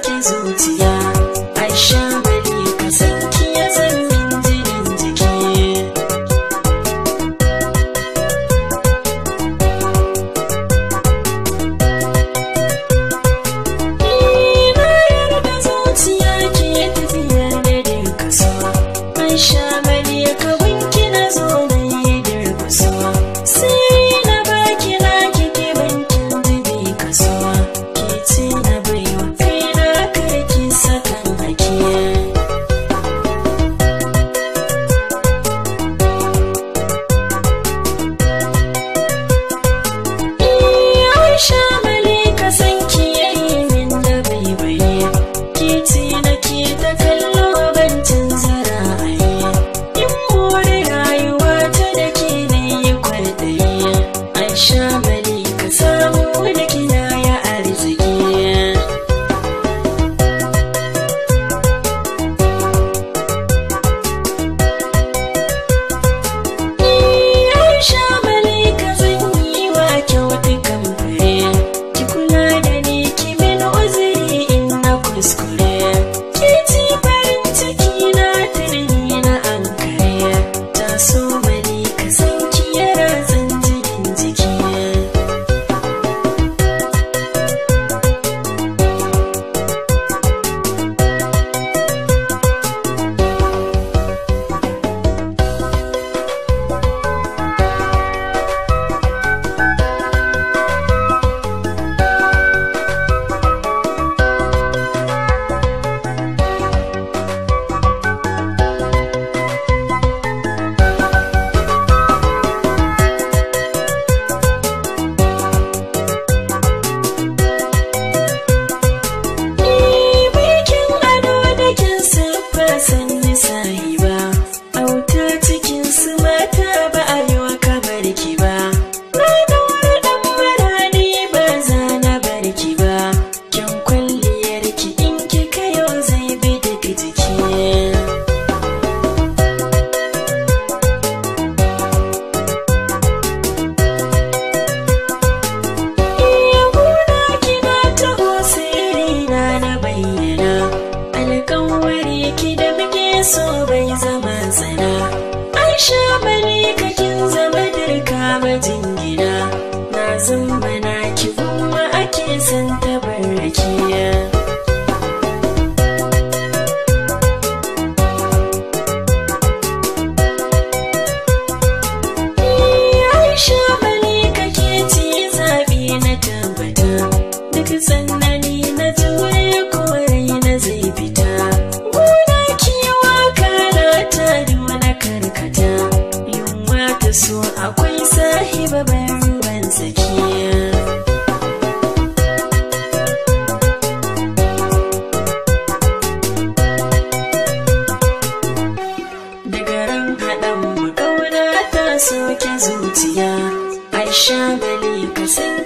ta it. so bai zama soke zuciya, ƙarshen gani